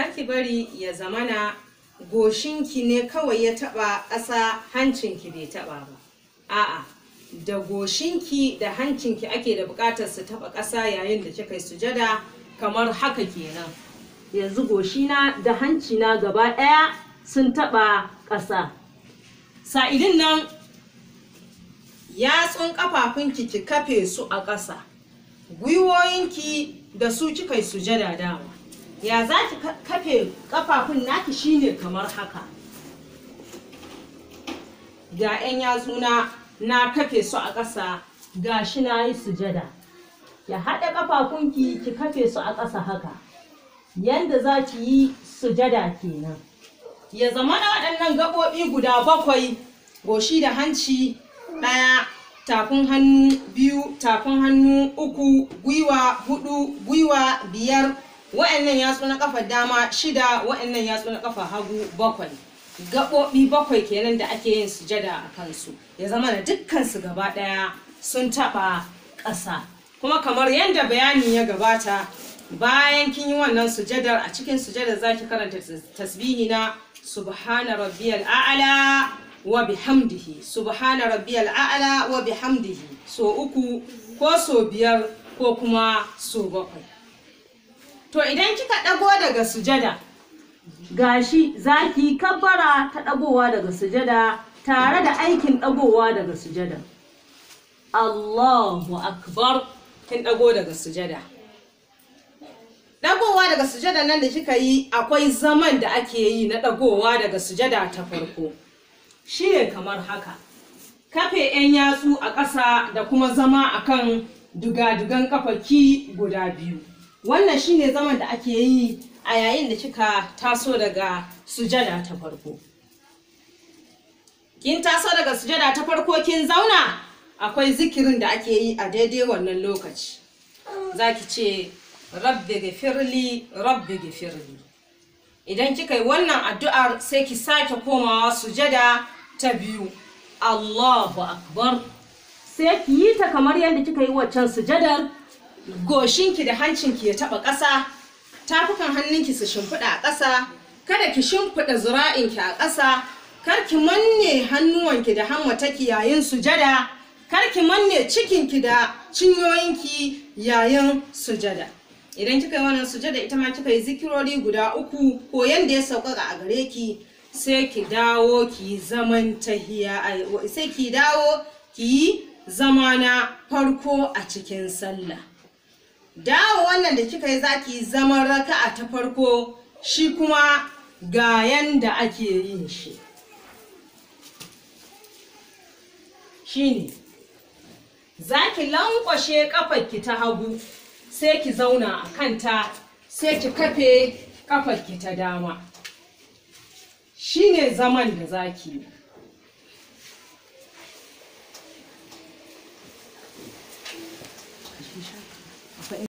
karki bari ya zamana goshinki ne kawai ya taba ƙasa hancinki bai taba ba a'a da goshinki da hancinki ake da buƙatar su taba ƙasa yayin da kika yi sujada kamar haka kenan yanzu goshina da hancina gaba ɗaya sun taba ƙasa sa'idin nan yatsun ƙafafunki ki kafe su a ƙasa gwiwoyinki da su kika yi sujada dama ya za ki kafe kafafun naki shine kamar haka ga 'yan yatsuna na kafe su a ƙasa ga shi na yi sujada ya haɗa ƙafafunki ki kafe su a ƙasa haka yanda za ki yi sujada kenan ya zama na waɗannan gaɓoɓi guda bakwai goshi da hanci ɗaya tafin hannu biyu tafin hannu uku gwiwa hudu gwiwa biyar wa'annan yatsu na kafa dama shida wa'annan yatsu na kafa hagu bakwai gaɓoɓi bakwai kenan da ake yin sujada a kansu ya zama na dukkansu gaba ɗaya sun taɓa ƙasa kuma kamar yadda bayani ya gabata bayan kin yi wannan sujadar a cikin sujadar zaki karanta tasbihi na subhana rabbiyal a'ala wa bihamdihi subhana rabbiyal a'ala wa bihamdihi so uku ko so biyar ko kuma so bakwai to idan kika ɗago daga sujada gashi za ki kabbara ta ɗagowa daga sujada tare da aikin ɗagowa daga sujada Allahu akbar kin ɗago daga sujada ɗagowa daga sujada nan da kika yi akwai zaman da ake yi na ɗagowa daga sujada ta farko shi ne kamar haka kafe 'yan yatsu a ƙasa da kuma zama akan dugadugan kafaki guda biyu wannan shine zaman da ake yi a yayin da kika taso daga sujada ta farko kin taso daga sujada ta farko kin zauna akwai zikirin da ake yi a daidai wannan lokaci za ki ce rabbi gafirli rabbi gafirli idan kika yi wannan addu'ar sai ki sake komawa sujada ta biyu Allahu akbar sai ki yi ta kamar yadda kika yi waccan sujadar goshinki da hancinki ya taɓa ƙasa tafukan hannunki su shimfiɗa a ƙasa kada ki shimfiɗa zura'inki a ƙasa kar ki manne hannuwanki da hammataki yayin sujada kar ki manne cikinki da cinyoyinki yayin sujada idan kika yi wannan sujada ita ma kika yi zikirori guda uku ko yanda ya sauƙaƙa a gare ki sai ki dawo ki zaman tahiya sai ki dawo ki yi zama na farko a cikin sallah dawo wannan da kika yi za ki zaman raka'a ta farko shi kuma ga yanda ake yin shi shine za ki lankwashe kafarki ta hagu sai ki zauna a kanta sai ki kafe kafarki ta dama shine zaman da za ki yi